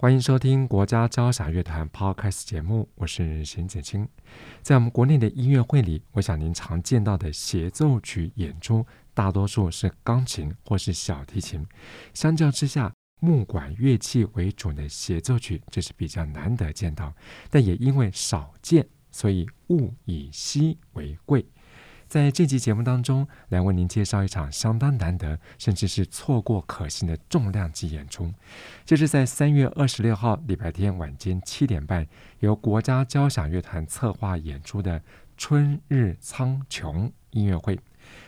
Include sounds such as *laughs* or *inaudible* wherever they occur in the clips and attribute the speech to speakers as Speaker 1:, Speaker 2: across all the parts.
Speaker 1: 歡迎收聽國家交響樂團 Podcast 節目，我是邢子清。在我們國內的音樂會裡，我想您常見到的協奏曲演出，大多數是鋼琴或是小提琴。相較之下，木管樂器為主的協奏曲，這是比較難得見到，但也因為少見，所以物以稀為貴。在這期節目當中，來為您介紹一場相當難得，甚至是錯過可惜的重量級演出，就是在三月二十六號禮拜天晚間七點半，由國家交響樂團策劃演出的《春日蒼穹》音樂會。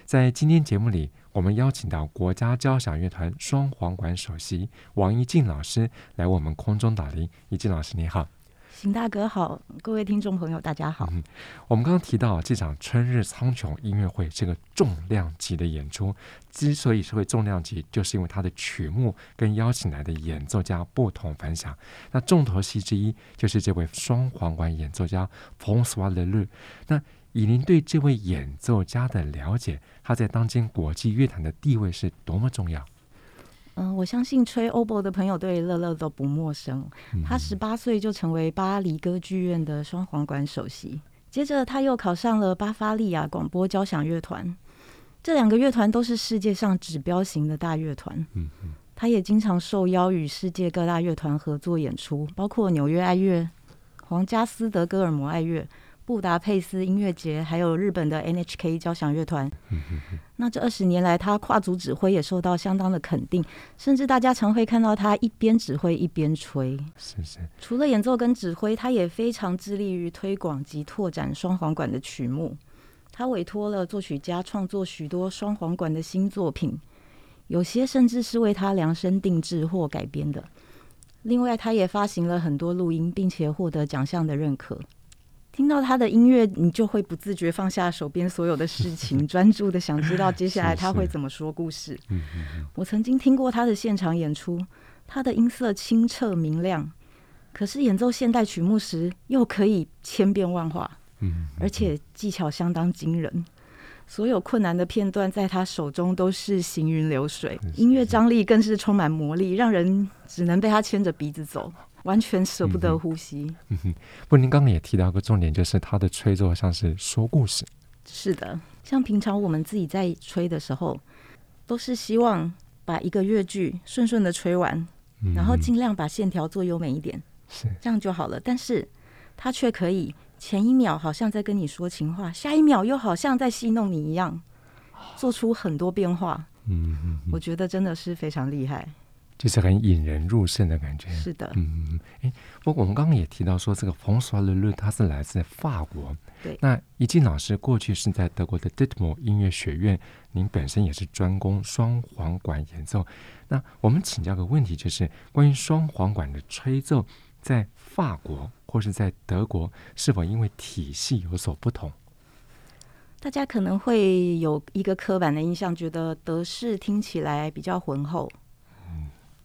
Speaker 1: 在今天節目裡，我們邀請到國家交響樂團雙簧管首席王怡靜老師來我們空中導聆。怡靜老師，你好？
Speaker 2: 秦大哥好，各位聽眾朋友，大家
Speaker 1: 好。嗯，我們剛剛提到這場春日蒼穹音樂會，這個重量級的演出之所以是會重量級，就是因為它的曲目跟邀請來的演奏家不同凡響。那重頭戲之一就是這位雙簧管演奏家馮斯華‧勒樂。那以您對這位演奏家的了解，他在當今國際樂壇的地位是多麼重要？
Speaker 2: 嗯，我相信吹 Oboe 的朋友對勒樂都不陌生。他十八歲就成為巴黎歌劇院的雙簧管首席，接着他又考上了巴伐利亞廣播交響樂團。這兩個樂團都是世界上指標型的大樂團。他也經常受邀與世界各大樂團合作演出，包括紐約愛樂、皇家斯德哥爾摩愛樂。布達佩斯音樂節，還有日本的 NHK 交響樂團。那這二十年來，他跨足指揮也受到相當的肯定，甚至大家常會看到他一邊指揮一邊吹。是是。除了演奏跟指揮，他也非常致力於推廣及拓展雙簧管的曲目。他委託了作曲家創作許多雙簧管的新作品，有些甚至是為他量身定制或改編的。另外，他也發行了很多錄音，並且獲得獎項的認可。聽到他的音樂，你就會不自覺放下手邊所有的事情，專 *laughs* 注地想知道接下來他會怎麼說故事。是是，嗯嗯嗯。我曾經聽過他的現場演出，他的音色清澈明亮，可是演奏現代曲目時又可以千變萬化，嗯嗯嗯，而且技巧相當驚人，所有困難的片段在他手中都是行雲流水，音樂張力更是充滿魔力，讓人只能被他牽着鼻子走。完全捨不得呼吸。嗯哼，嗯
Speaker 1: 哼，不過您剛剛也提到一個重點，就是他的吹奏像是說故事。
Speaker 2: 是的，像平常我們自己在吹的時候，都是希望把一個樂句順順的吹完，嗯，然後盡量把線條做優美一點，是這樣就好了。但是他卻可以前一秒好像在跟你說情話，下一秒又好像在戲弄你一樣，哦、做出很多變化。
Speaker 1: 嗯哼，哼，
Speaker 2: 我覺得真的是非常厲害。
Speaker 1: 就是很引人入勝的感覺。是的，嗯，誒、欸，不過我們剛剛也提到說，這個馮斯華‧勒樂它是來自法國。對，那怡靜老師過去是在德國的 Ditmo 音樂學院，您本身也是專攻雙簧管演奏。那我們請教個問題，就是關於雙簧管的吹奏，在法國或是在德國，是否因為體系有所不同？
Speaker 2: 大家可能會有一個刻板的印象，覺得德式聽起來比較渾厚。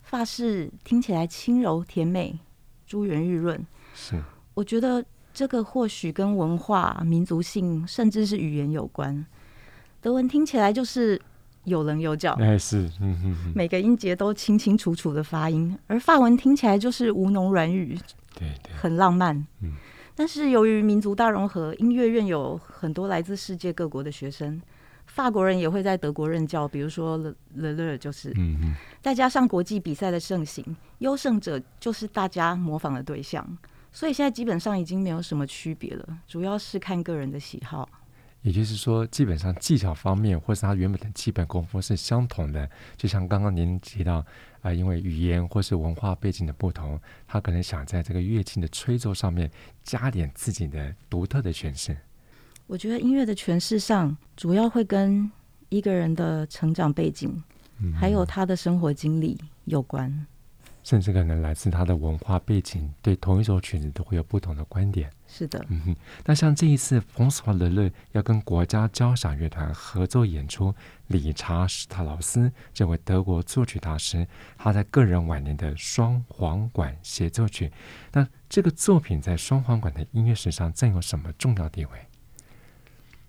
Speaker 2: 法式聽起來輕柔甜美，珠圓玉潤。是，我覺得這個或許跟文化、民族性甚至是語言有關。德文聽起來就是有稜有角，哎是，
Speaker 1: 是、嗯，每
Speaker 2: 個音節都清清楚楚的發音。而法文聽起來就是吳儂軟語，對對，很浪漫。嗯，但是由於民族大融合，音樂院有很多來自世界各國的學生。法國人也會在德國任教，比如說勒樂就是，嗯嗯，再加上國際比賽的盛行，優勝者就是大家模仿的對象，所以現在基本上已經沒有什麼區別了，主要是看個人的喜好。
Speaker 1: 也就是說，基本上技巧方面或是他原本的基本功夫是相同的，就像剛剛您提到啊、呃，因為語言或是文化背景的不同，他可能想在這個樂器的吹奏上面加點自己的獨特的詮釋。
Speaker 2: 我覺得音樂的詮釋上，主要會跟一個人的成長背景，嗯、還有他的生活經歷有關、
Speaker 1: 嗯，甚至可能來自他的文化背景，對同一首曲子都會有不同的觀點。是的，嗯，那像這一次 *noise* 馮斯華勒樂要跟國家交響樂團合作演出，理查史特勞斯這位德國作曲大師，他在個人晚年的雙簧管協奏曲，那這個作品在雙簧管的音樂史上佔有什麼重要地位？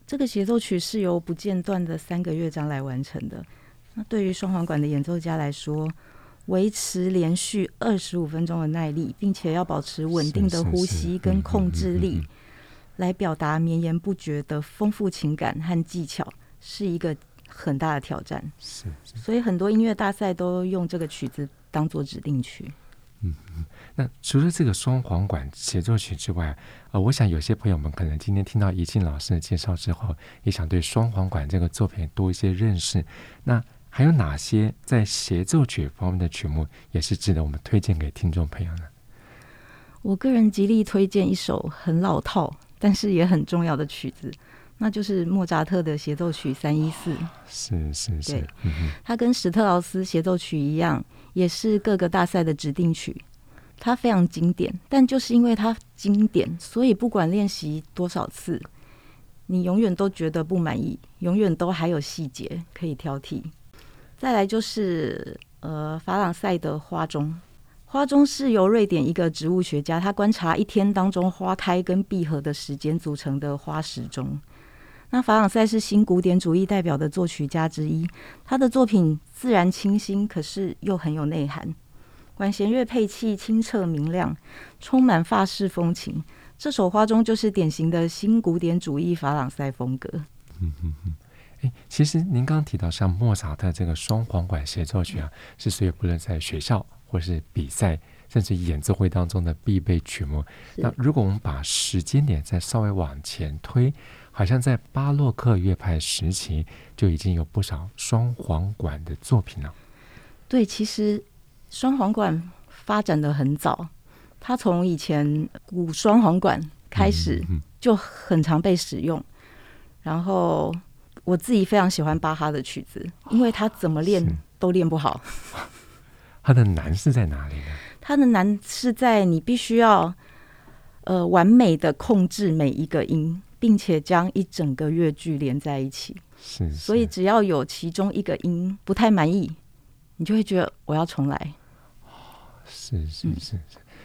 Speaker 2: 這個協奏曲是由不間斷的三個樂章來完成的。那對於雙簧管的演奏家來說，維持連續二十五分鐘的耐力，並且要保持穩定的呼吸跟控制力，來表達綿延不絕的豐富情感和技巧，是一個很大的挑戰。是，所以很多音樂大賽都用這個曲子當做指定曲。
Speaker 1: 嗯嗯，那除了這個雙簧管協奏曲之外，啊、呃，我想有些朋友們可能今天聽到怡靜老師的介紹之後，也想對雙簧管這個作品多一些認識。那還有哪些在協奏曲方面的曲目也是值得我們推薦給聽眾朋友呢？
Speaker 2: 我個人極力推薦一首很老套，但是也很重要的曲子。那就是莫扎特的協奏曲三一四，
Speaker 1: 是是是，對，嗯，
Speaker 2: 它跟史特勞斯協奏曲一樣，也是各個大賽的指定曲，它非常經典，但就是因為它經典，所以不管練習多少次，你永遠都覺得不滿意，永遠都還有細節可以挑剔。再來就是呃，法朗賽的花鐘，花鐘是由瑞典一個植物學家他觀察一天當中花開跟閉合的時間組成的花時鐘。那法朗塞是新古典主義代表的作曲家之一，他的作品自然清新，可是又很有內涵。管弦樂配器清澈明亮，充滿法式風情。這首《花鐘》就是典型的新古典主義法朗塞風格。
Speaker 1: 嗯嗯嗯、欸。其實您剛剛提到像莫扎特這個雙簧管協奏曲啊，是所有不論在學校或是比賽，甚至演奏會當中的必備曲目。那如果我們把時間點再稍微往前推。好像在巴洛克樂派時期就已經有不少雙簧管的作品了。
Speaker 2: 對，其實雙簧管發展得很早，它從以前古雙簧管開始就很常被使用、嗯嗯。然後我自己非常喜歡巴哈的曲子，因為他怎麼練都練不
Speaker 1: 好。他、哦、 *laughs* 的難是在哪裡呢？
Speaker 2: 他的難是在你必須要呃完美地控制每一個音。並且將一整個樂句連在一起。是是，所以只要有其中一個音不太滿意，你就會覺得我要重來。
Speaker 1: 哦、是是是是、嗯，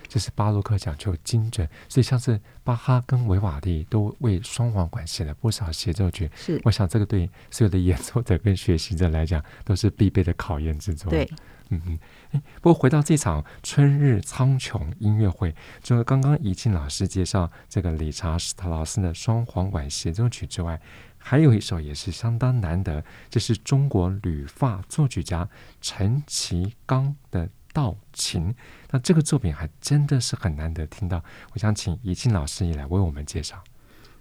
Speaker 1: 這是巴洛克講究精準，所以像是巴哈跟維瓦第都為雙簧管寫了不少協奏曲。是，我想這個對所有的演奏者跟學習者來講都是必備的考驗之作。對。嗯、欸、不過回到這場春日蒼穹音樂會，除了剛剛怡靜老師介紹這個理查斯特勞斯的雙簧管協奏曲之外，還有一首也是相當難得，這，就是中國旅法作曲家陳其剛的《道情》。那這個作品還真的是很難得聽到，我想請怡靜老師也來為我們介紹。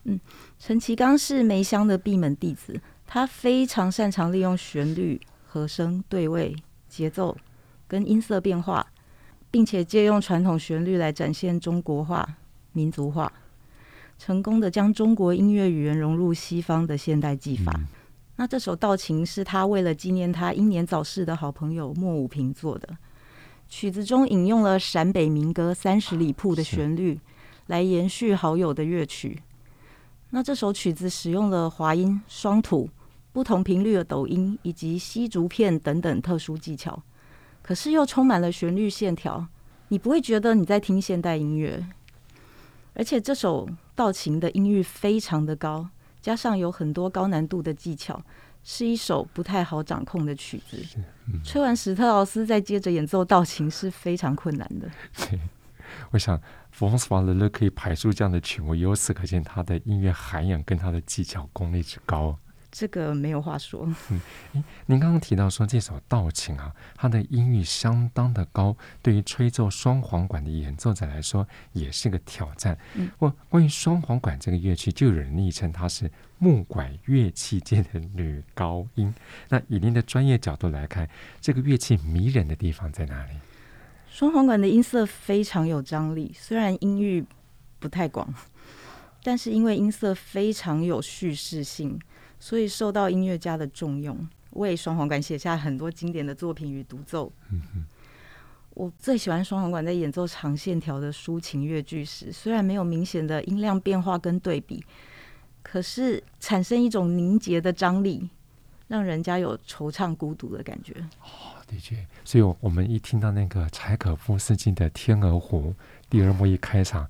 Speaker 1: 嗯，
Speaker 2: 陳其剛是梅湘的閉門弟子，他非常擅長利用旋律、和聲、對位。節奏跟音色變化，並且借用傳統旋律來展現中國化、民族化，成功地將中國音樂語言融入西方的現代技法。嗯、那這首《道情》是他為了紀念他英年早逝的好朋友莫武平做的。曲子中引用了陝北民歌《三十里鋪》的旋律來延續好友的樂曲。啊、那這首曲子使用了滑音、雙吐。不同頻率的抖音以及吸竹片等等特殊技巧，可是又充滿了旋律線條，你不會覺得你在聽現代音樂。而且這首道琴的音域非常的高，加上有很多高難度的技巧，是一首不太好掌控的曲子。嗯、吹完史特勞斯再接着演奏道琴是非常困難的。
Speaker 1: 嗯、 *laughs* 我想馮斯華‧勒樂可以排出這樣的曲目，我由此可見他的音樂涵養跟他的技巧功力之高。
Speaker 2: 這個沒有話說。嗯，
Speaker 1: 您剛剛提到說這首《道情》啊，它的音域相當的高，對於吹奏雙簧管的演奏者來說也是個挑戰。嗯，我關於雙簧管這個樂器，就有人昵稱它是木管樂器界的女高音。那以您的專業角度來看，這個樂器迷人的地方在哪裡？
Speaker 2: 雙簧管的音色非常有張力，雖然音域不太廣，但是因為音色非常有敘事性。所以受到音樂家的重用，為雙簧管寫下很多經典的作品與獨奏。嗯哼。我最喜歡雙簧管在演奏長線條的抒情樂句時，雖然沒有明顯的音量變化跟對比，可是產生一種凝結的張力，讓人家有惆悵孤獨的感覺。
Speaker 1: 哦，的確。所以，我們一聽到那個柴可夫斯基的《天鵝湖》第二幕一開場，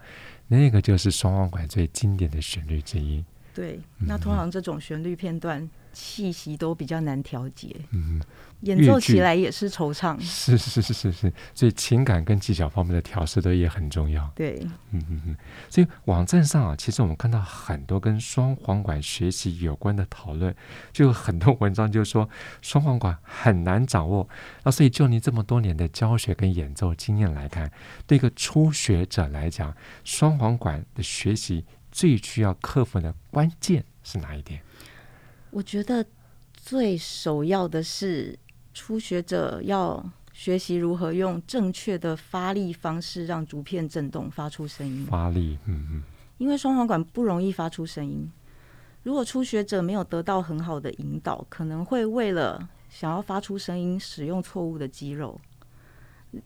Speaker 1: 那個就是雙簧管最經典的旋律之一。
Speaker 2: 對，那通常這種旋律片段氣息都比較難調節，嗯，演奏起來也是惆悵。
Speaker 1: 是是是是是，所以情感跟技巧方面的調試都也很重要。對，嗯嗯嗯。所以網站上啊，其實我們看到很多跟雙簧管學習有關的討論，就很多文章就說雙簧管很難掌握。那所以就您這麼多年的教學跟演奏經驗來看，對一個初學者來講，雙簧管的學習，最需要克服的關鍵是哪一點？
Speaker 2: 我覺得最首要的是初學者要學習如何用正確的發力方式讓竹片震動發出聲音。
Speaker 1: 發力，嗯嗯。
Speaker 2: 因為雙簧管不容易發出聲音，如果初學者沒有得到很好的引導，可能會為了想要發出聲音使用錯誤的肌肉，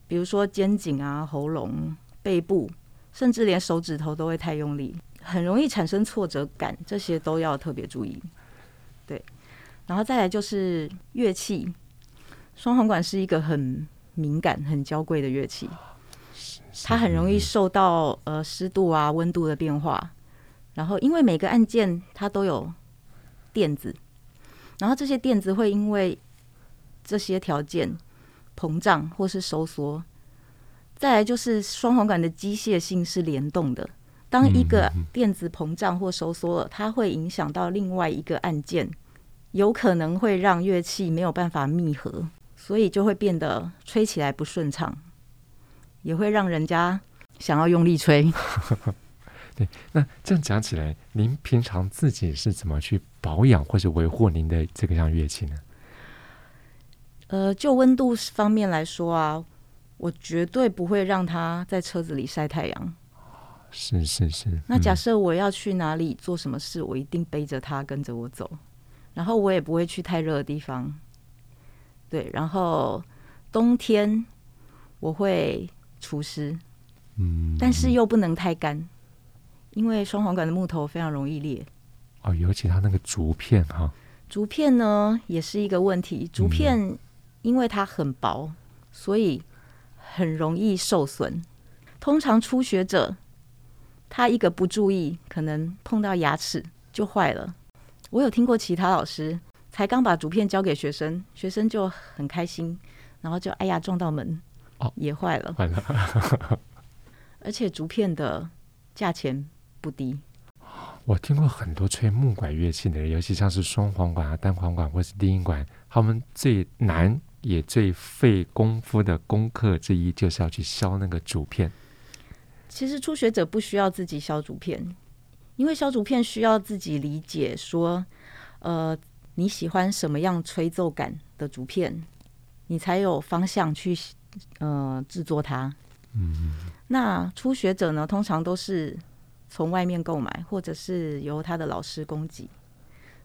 Speaker 2: 比如說肩頸啊、喉嚨、背部，甚至連手指頭都會太用力。很容易產生挫折感，這些都要特別注意。對，然後再來就是樂器，雙簧管是一個很敏感、很嬌貴的樂器，它很容易受到呃濕度啊、溫度的變化。然後，因為每個按鍵它都有墊子，然後這些墊子會因為這些條件膨脹或是收縮。再來就是雙簧管的機械性是聯動的。當一個電子膨脹或收縮了，它會影響到另外一個按鍵，有可能會讓樂器沒有辦法密合，所以就會變得吹起來不順暢，也會讓人家想要用力吹。
Speaker 1: *laughs* 對，那這樣講起來，您平常自己是怎麼去保養或者維護您的這個樣樂器呢？
Speaker 2: 呃，就溫度方面來說啊，我絕對不會讓它在車子裡曬太陽。
Speaker 1: 是是是。那假
Speaker 2: 設我要去哪裡、嗯、做什麼事，我一定背着它跟着我走，然後我也不會去太熱的地方。對，然後冬天我會除濕，嗯，但是又不能太乾，因為雙簧管的木頭非常容易裂。
Speaker 1: 哦，尤其它那個竹片哈。
Speaker 2: 竹片呢也是一個問題，竹片因為它很薄，嗯、所以很容易受損。通常初學者。他一個不注意，可能碰到牙齒就壞了。我有聽過其他老師，才剛把竹片交給學生，學生就很開心，然後就哎呀撞到門，哦也壞了，壞了。 *laughs* 而且竹片的價錢不低。
Speaker 1: 我聽過很多吹木管樂器的人，尤其像是雙簧管啊、單簧管或是低音管，他們最難也最費功夫的功課之一，就是要去削那個竹片。
Speaker 2: 其實初學者不需要自己削竹片，因為削竹片需要自己理解說，呃，你喜歡什麼樣吹奏感的竹片，你才有方向去呃製作它。嗯，那初學者呢，通常都是從外面購買，或者是由他的老師供給。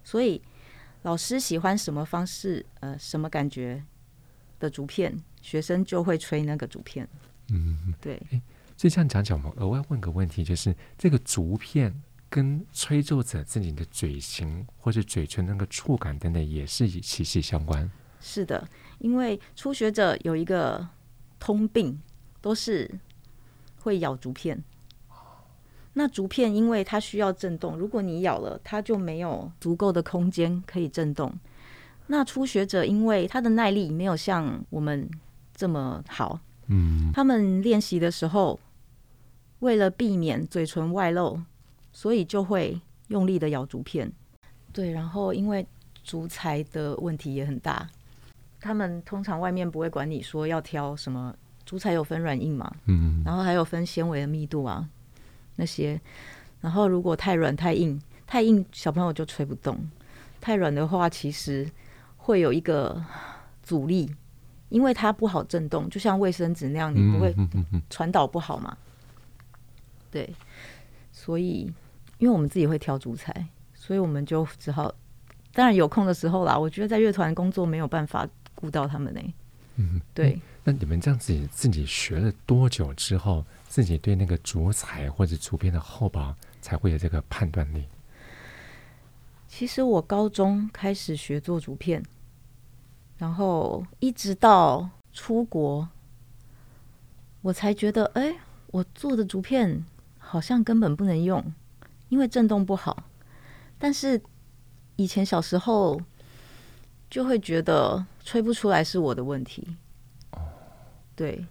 Speaker 2: 所以老師喜歡什麼方式，呃，什麼感覺的竹片，學生就會吹那個竹片。嗯，對。
Speaker 1: 就這樣講講，我們額外問個問題，就是這個竹片跟吹奏者自己的嘴型或者嘴唇那個觸感等等，也是息息相關？
Speaker 2: 是的，因為初學者有一個通病，都是會咬竹片。那竹片因為它需要震動，如果你咬了，它就沒有足夠的空間可以震動。那初學者因為他的耐力沒有像我們這麼好，嗯，他們練習的時候。為了避免嘴唇外露，所以就會用力的咬竹片。對，然後因為竹材的問題也很大，他們通常外面不會管你說要挑什麼竹材，有分軟硬嘛，然後還有分纖維的密度啊那些，然後如果太軟太硬，太硬小朋友就吹不動，太軟的話其實會有一個阻力，因為它不好震動，就像衛生紙那樣，你不會傳導不好嘛？ *laughs* 對，所以因為我們自己會挑竹材，所以我們就只好，當然有空的時候啦。我覺得在樂團工作沒有辦法顧到他們呢、欸。嗯，
Speaker 1: 對嗯。那你們這樣子自己學了多久之後，自己對那個竹材或者竹片的厚薄才會有這個判斷力？
Speaker 2: 其實我高中開始學做竹片，然後一直到出國，我才覺得，哎、欸，我做的竹片。好像根本不能用，因為震動不好。但是以前小時候就會覺得吹不出來是我的問題。對。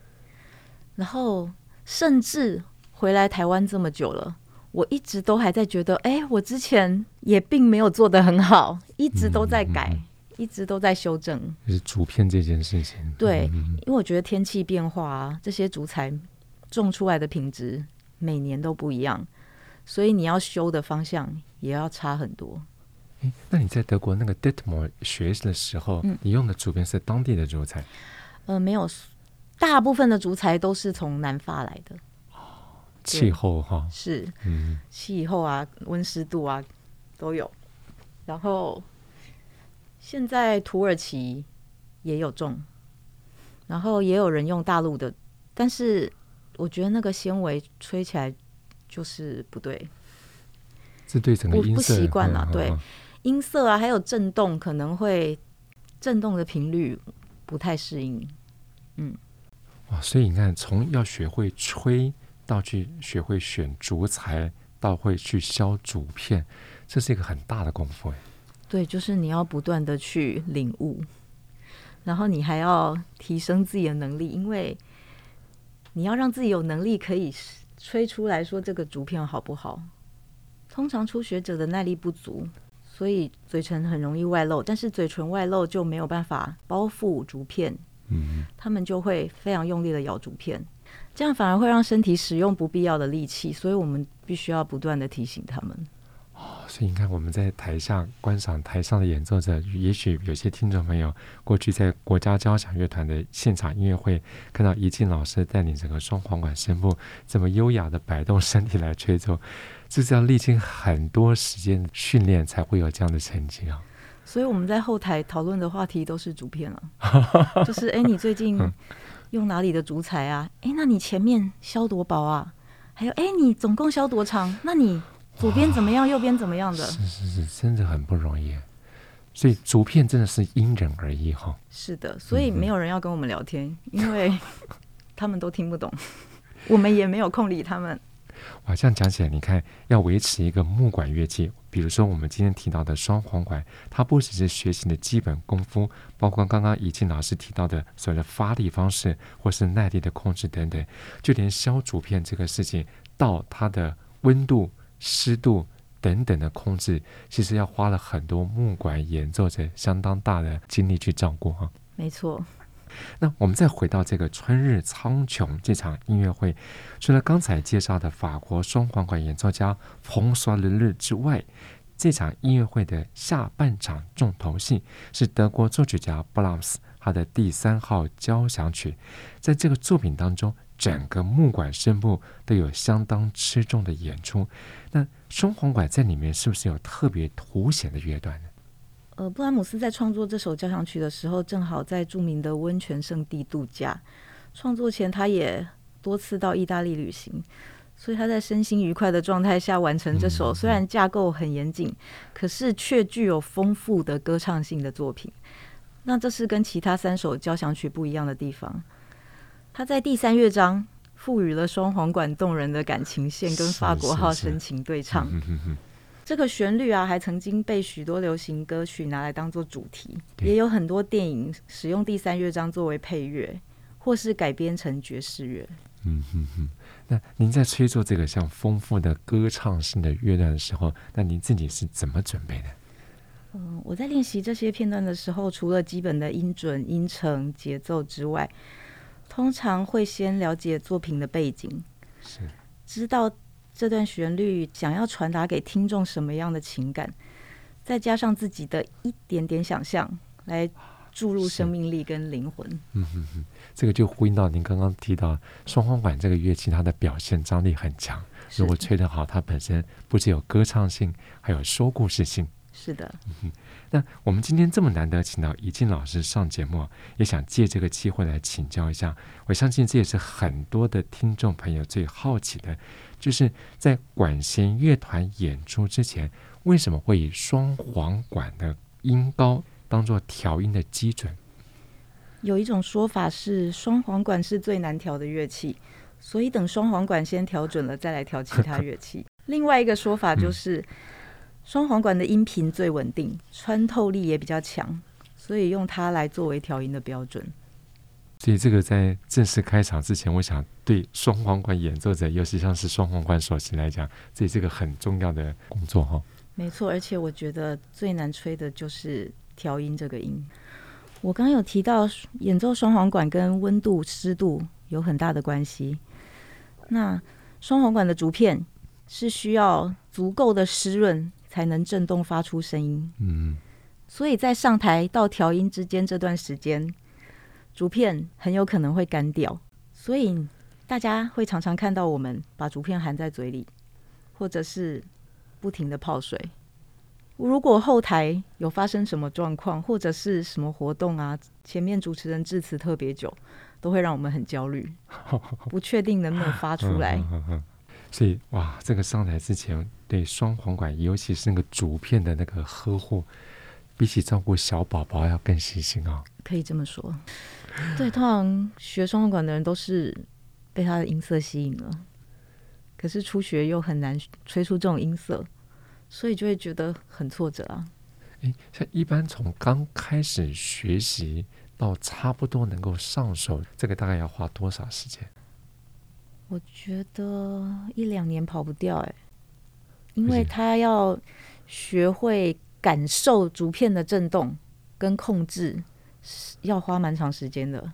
Speaker 2: 然後甚至回來台灣這麼久了，我一直都還在覺得，哎、欸，我之前也並沒有做得很好，一直都在改，嗯、一直都在修正。就
Speaker 1: 是竹片這件事情、嗯。對，
Speaker 2: 因為我覺得天氣變化啊，這些竹材種出來的品質。每年都不一樣，所以你要修的方向也要差很多。
Speaker 1: 哎，那你在德國那個 Detmold 學的時候，嗯、你用的竹片是當地的竹材？
Speaker 2: 呃，沒有，大部分的竹材都是從南法來的。哦、氣候哈、哦、是，嗯，氣候啊，溫濕度啊都有。然後現在土耳其也有種，然後也有人用大陸的，但是。我覺得那個纖維吹起來就是不對，
Speaker 1: 這對整個音色不習慣了，對
Speaker 2: 音色啊，還有震動可能會震動的頻率不太適應，嗯，
Speaker 1: 哇，所以你看，從要學會吹，到去學會選竹材，到會去削竹片，這是一個很大的功夫哎。
Speaker 2: 對，就是你要不斷的去領悟，然後你還要提升自己的能力，因為。你要讓自己有能力可以吹出來說這個竹片好不好，通常初學者的耐力不足，所以嘴唇很容易外露。但是嘴唇外露就沒有辦法包覆竹片，他們就會非常用力的咬竹片，這樣反而會讓身體使用不必要的力氣。所以我們必須要不斷的提醒他們。
Speaker 1: 所以你看，我們在台上觀賞台上的演奏者，也許有些聽眾朋友過去在國家交響樂團的現場音樂會看到怡靜老師帶領整個雙簧管聲部，這麼優雅的擺動身體來吹奏，就是要歷經很多時間訓練才會有這樣的成績啊！
Speaker 2: 所以我們在後台討論的話題都是竹片了， *laughs* 就是哎，你最近用哪裡的竹材啊？哎，那你前面削多薄啊？還有哎，你總共削多長？那你。左邊怎麼樣？右邊怎麼樣的？
Speaker 1: 是是是，真的很不容易。所以竹片真的是因人而異哈。
Speaker 2: 是的，所以沒有人要跟我們聊天，嗯、因為他們都聽不懂， *laughs* 我們也沒有空理他們。
Speaker 1: 哇，這樣講起來，你看，要維持一個木管樂器，比如說我們今天提到的雙簧管，它不只是學習的基本功夫，包括剛剛怡靜老師提到的所有的發力方式，或是耐力的控制等等，就連削竹片這個事情，到它的溫度、濕度等等的控制，其實要花了很多木管演奏者相當大的精力去照顧哈、啊，沒錯，那我們再回到這個春日蒼穹這場音樂會，除了剛才介紹的法國雙簧管、管演奏家馮斯華‧勒樂之外，這場音樂會的下半場重頭戲是德國作曲家布拉姆斯他的第三號交響曲，在這個作品當中。整個木管聲部都有相當吃重的演出，那雙簧管在裡面是不是有特別凸顯的樂段呢？
Speaker 2: 呃，布拉姆斯在創作這首交響曲的時候，正好在著名的溫泉聖地度假。創作前，他也多次到意大利旅行，所以他在身心愉快的狀態下完成這首、嗯、雖然架構很嚴謹，可是卻具有豐富的歌唱性的作品。那這是跟其他三首交響曲不一樣的地方。他在第三樂章賦予了雙簧管動人的感情線，跟法國號深情對唱。是是是。這個旋律啊，還曾經被許多流行歌曲拿來當做主題，也有很多電影使用第三樂章作為配樂，或是改編成爵士樂。嗯嗯嗯，
Speaker 1: 那您在吹奏這個像豐富的歌唱性的樂段的時候，那您自己是怎麼準備的？嗯、
Speaker 2: 呃，我在練習這些片段的時候，除了基本的音準、音程、節奏之外。通常會先了解作品的背景，
Speaker 1: 是
Speaker 2: 知道這段旋律想要傳達給聽眾什麼樣的情感，再加上自己的一點點想象，來注入生命力跟靈魂。嗯
Speaker 1: 哼哼，這個就呼應到您剛剛提到雙簧管這個樂器，它的表現張力很強。如果吹得好，它本身不僅有歌唱性，還有說故事性。是的。嗯那我們今天這麼難得請到怡靜老師上節目，也想借這個機會來請教一下。我相信這也是很多的聽眾朋友最好奇的，就是在管弦樂團演出之前，為什麼會以雙簧管的音高當做調音的基準？
Speaker 2: 有一種說法是，雙簧管是最難調的樂器，所以等雙簧管先調準了，再來調其他樂器。 *laughs* 另外一個說法就是。嗯雙簧管的音頻最穩定，穿透力也比較強，所以用它來作為調音的標準。
Speaker 1: 所以這個在正式開場之前，我想對雙簧管演奏者，尤其是像是雙簧管首席來講，這是個很重要的工作哈。
Speaker 2: 沒錯，而且我覺得最難吹的就是調音這個音。我剛有提到，演奏雙簧管跟溫度、濕度有很大的關係。那雙簧管的竹片是需要足夠的濕潤。才能震動發出聲
Speaker 1: 音，
Speaker 2: 嗯。所以在上台到調音之間這段時間，竹片很有可能會乾掉，所以大家會常常看到我們把竹片含在嘴裡，或者是不停地泡水。如果後台有發生什麼狀況，或者是什麼活動啊，前面主持人致辭特別久，都會讓我們很焦慮，不確定能不能發出來。 *laughs* 呵呵
Speaker 1: 呵所以哇，這個上台之前對雙簧管，尤其是那個竹片的那個呵護，比起照顧小寶寶要更細心哦。
Speaker 2: 可以這麼說。對，通常學雙簧管的人都是被他的音色吸引了，可是初學又很難吹出這種音色，所以就會覺得很挫折啊。
Speaker 1: 哎，像一般從剛開始學習到差不多能夠上手，這個大概要花多少時間？
Speaker 2: 我覺得一兩年跑不掉哎，因為他要學會感受竹片的震動跟控制，要花蠻長時間的，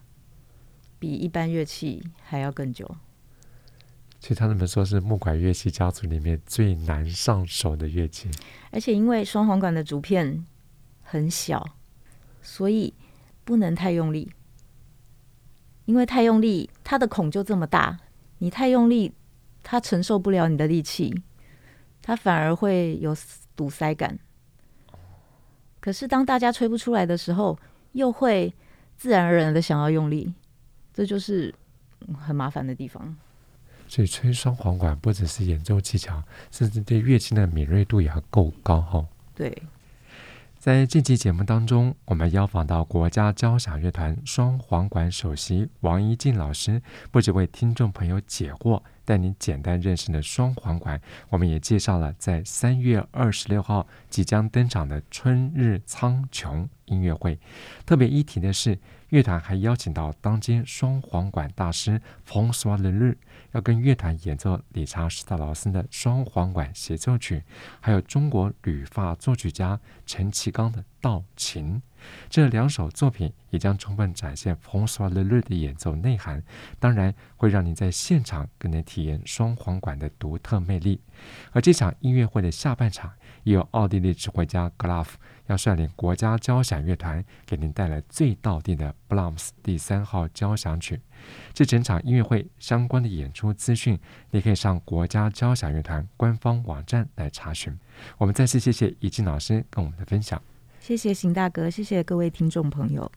Speaker 2: 比一般樂器還要更久。
Speaker 1: 其實他們說是木管樂器家族裡面最難上手的樂器。
Speaker 2: 而且因為雙簧管的竹片很小，所以不能太用力，因為太用力它的孔就這麼大。你太用力，他承受不了你的力氣，他反而會有堵塞感。可是當大家吹不出來的時候，又會自然而然的想要用力，這就是很麻煩的地方。
Speaker 1: 所以吹雙簧管不只是演奏技巧，甚至對樂器的敏銳度也夠高哦。對。在這期節目當中，我們邀訪到國家交響樂團雙簧管首席王怡靜老師，不止為聽眾朋友解惑，帶您簡單認識了雙簧管，我們也介紹了在三月二十六號即將登場的春日蒼穹音樂會。特別一提的是，樂團還邀請到當今雙簧管大師馮斯華‧勒樂。要跟樂團演奏理查·史特勞斯的雙簧管協奏曲，還有中國旅法作曲家陳其鋼的《道情》。這兩首作品也將充分展現馮斯華‧勒樂的演奏內涵，當然會讓你在現場更能體驗雙簧管的獨特魅力。而這場音樂會的下半場，也有奧地利指揮家格拉夫，要率領國家交響樂團給您帶來最道地的布拉姆斯第三號交響曲。這整場音樂會相關的演出資訊，你可以上國家交響樂團官方網站來查詢。我們再次謝謝怡靜老師跟我們的分享，
Speaker 2: 謝謝邢大哥，謝謝各位聽眾朋友。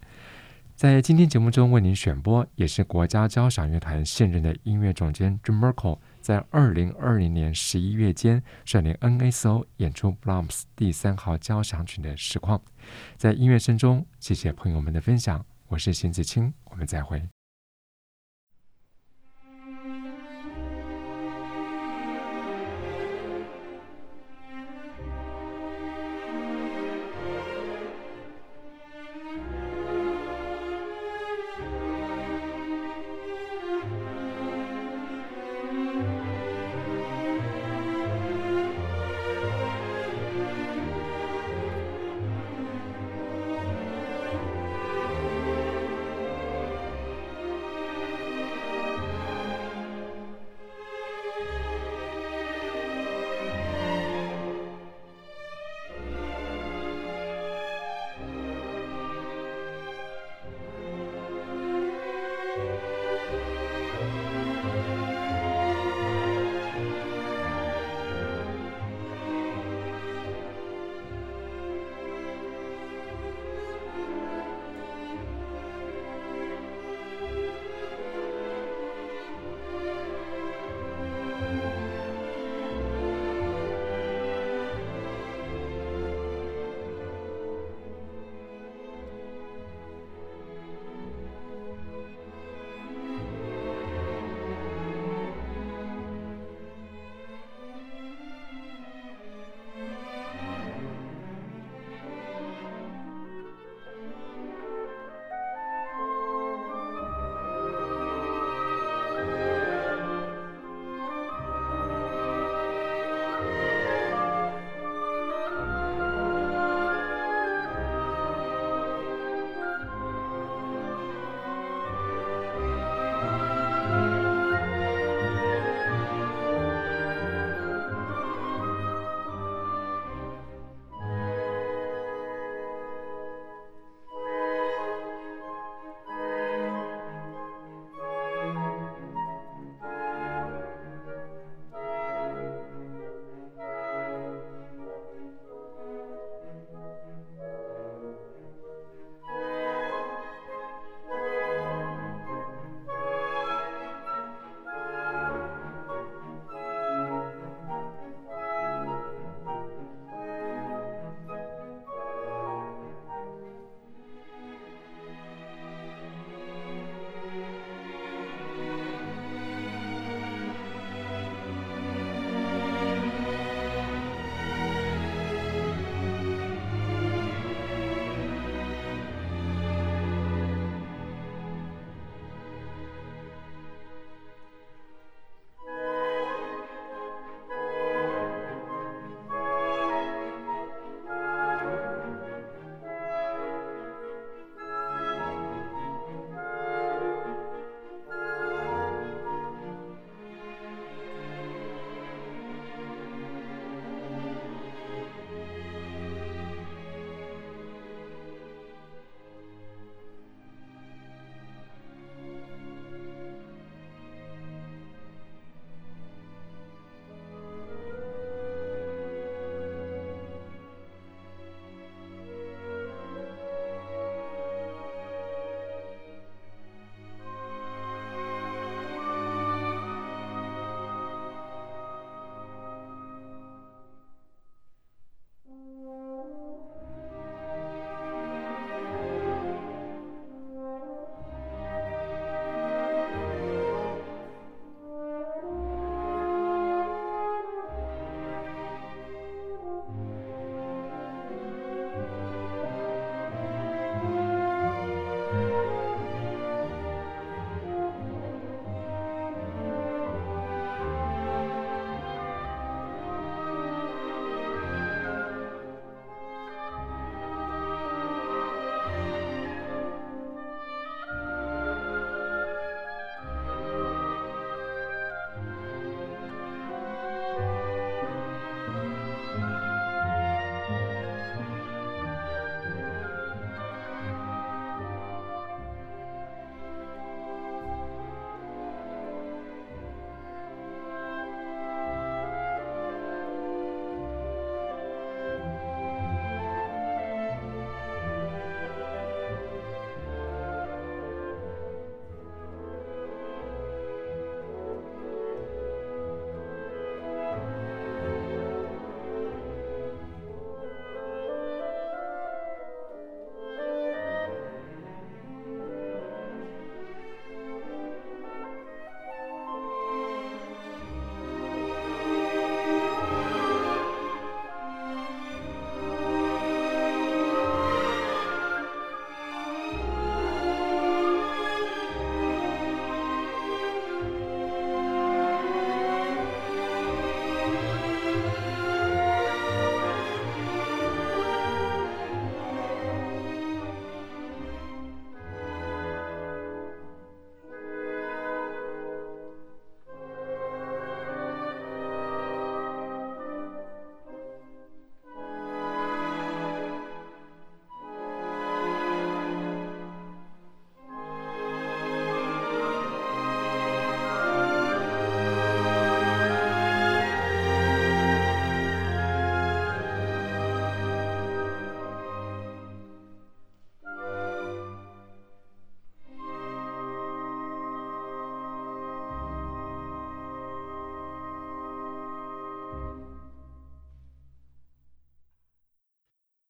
Speaker 1: 在今天節目中為您選播，也是國家交響樂團現任的音樂總監 Jim Merkel 在二零二零年十一月間，率領 NSO 演出 Brahms 第三號交響曲的實況，在音樂聲中，謝謝朋友們的分享，我是邢子青，我們再會。